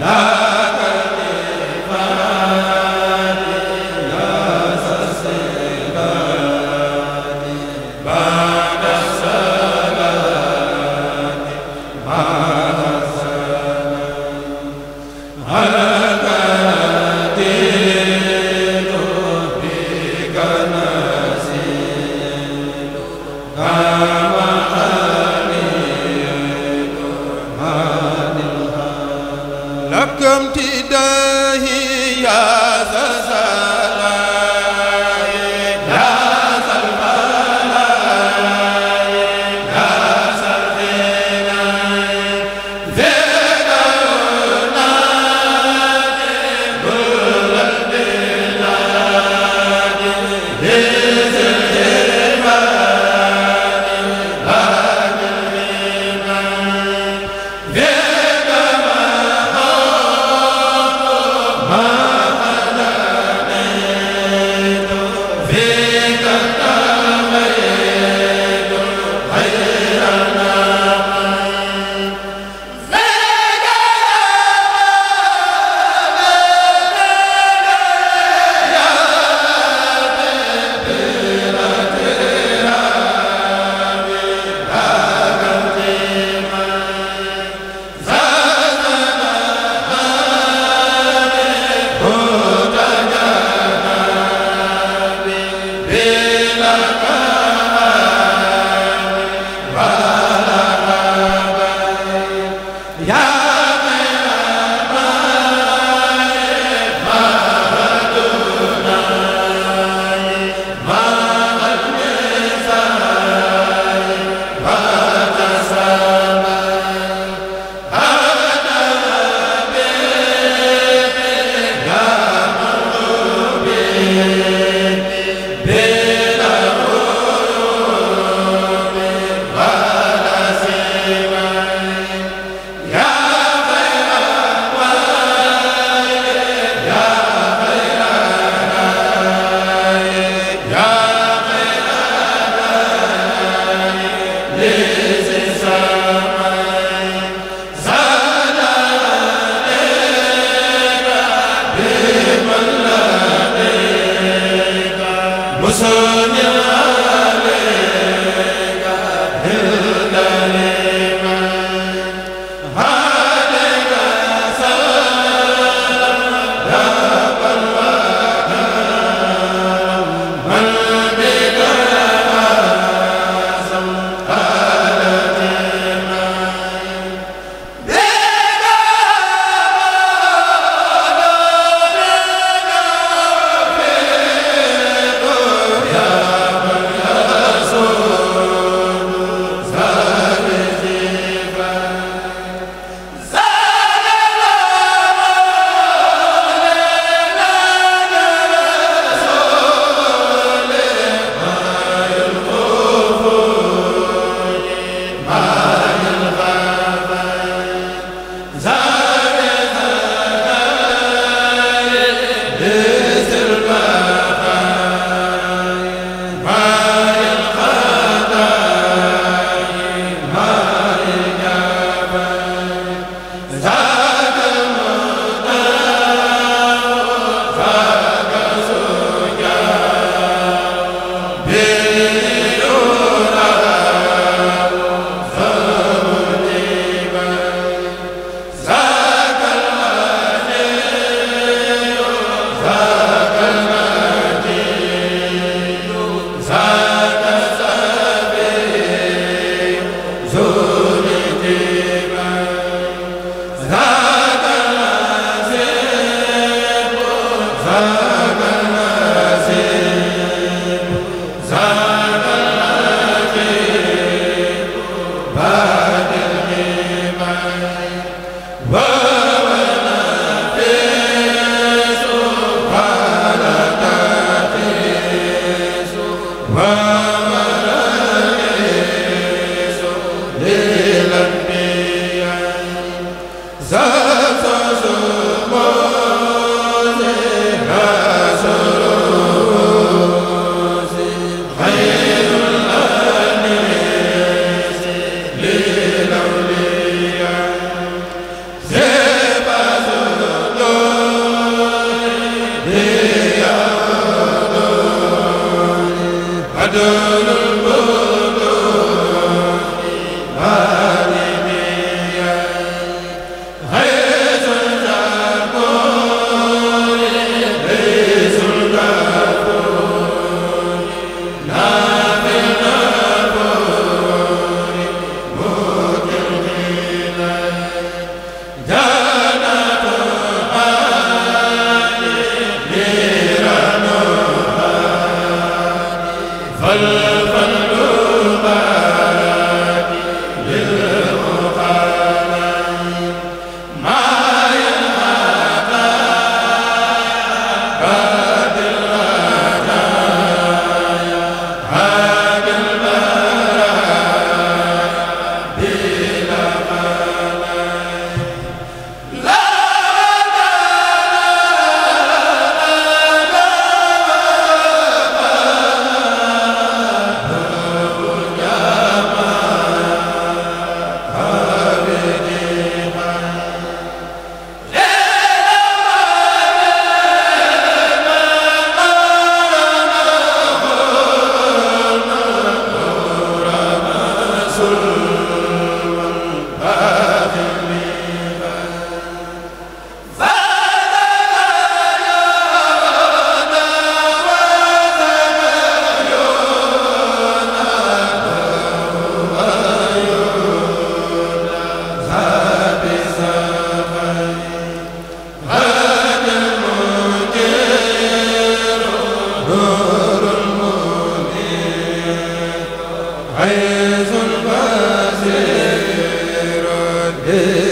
la to e